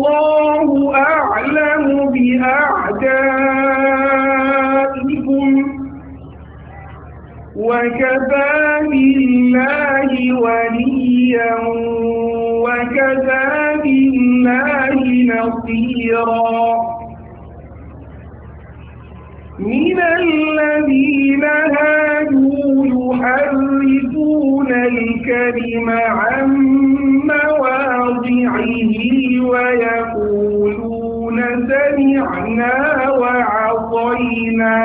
والله أعلم بأعدائكم وكفى بالله وليا وكفى بالله نصيرا من الذين هادوا يحرفون الكلم عن سمعنا وعصينا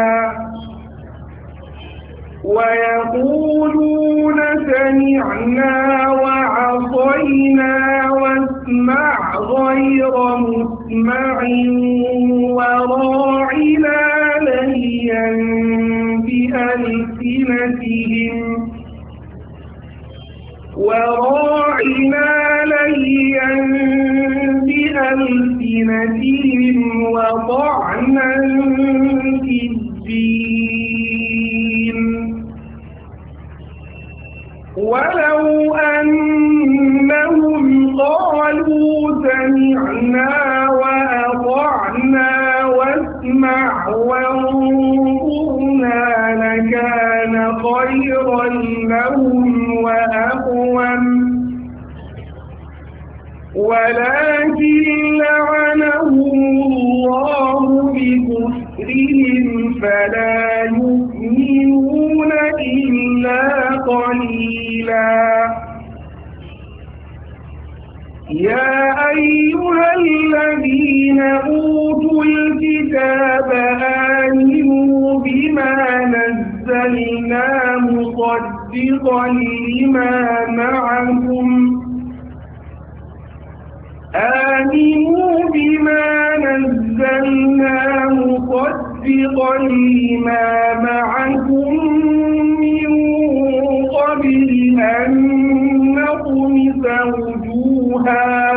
ويقولون سمعنا وعصينا واسمع غير مسمع وراعنا ليا بألسنتهم وراعنا ليا بألسنتهم وطعنا في الدين ولو أنهم قالوا سمعنا وأطعنا واسمع وانظرنا لكان خيرا لهم وأقوم ولا كفرهم فلا يؤمنون إلا قليلا يا أيها الذين أوتوا الكتاب آمنوا بما نزلنا مصدقا لما معكم آمنوا بما نزلنا لأسبقني ما معكم من قبل أن نطمس وجوها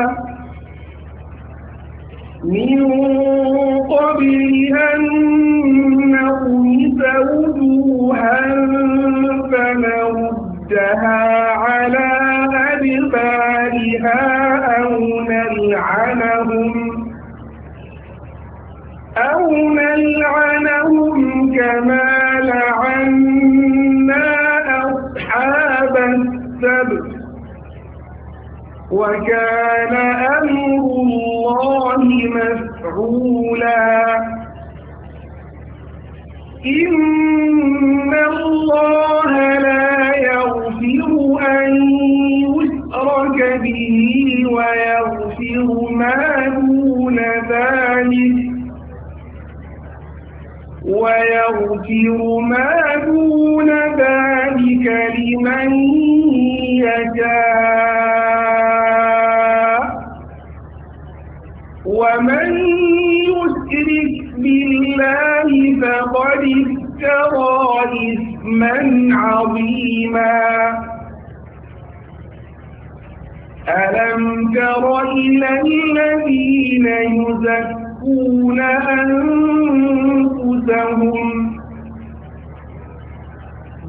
من قبل أن نطمس وجوها فنردها على أدبارها أو نلعنهم أو نلعنهم كما لعنا أصحاب السبت وكان أمر الله مفعولا إن الله لا يغفر أن يسرك به ويغفر ما ويغفر ما دون ذلك لمن يشاء ومن يشرك بالله فقد افترى إثما عظيما ألم تر إلى الذين يزكون يزكون أنفسهم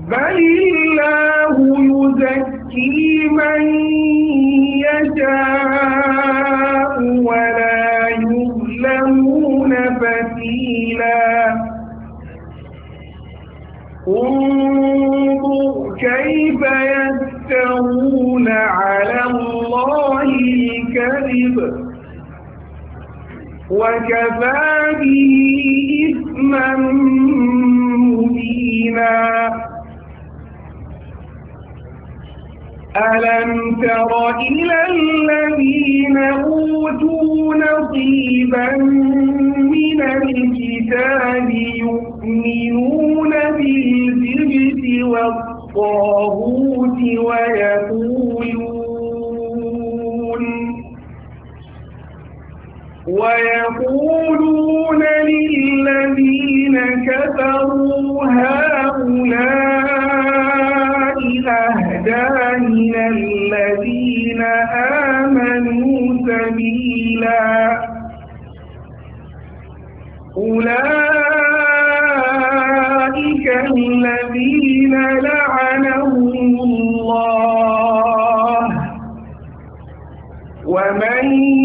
بل الله يزكي من يشاء ولا يظلمون فتيلا انظر كيف يفترون على الله الكذب وكفى به إثما مبينا ألم تر إلى الذين أوتوا نصيبا من الكتاب يؤمنون بالجبت والطاغوت ويقولون ويقولون للذين كفروا هؤلاء أهدى من الذين آمنوا سبيلا أولئك الذين لعنهم الله ومن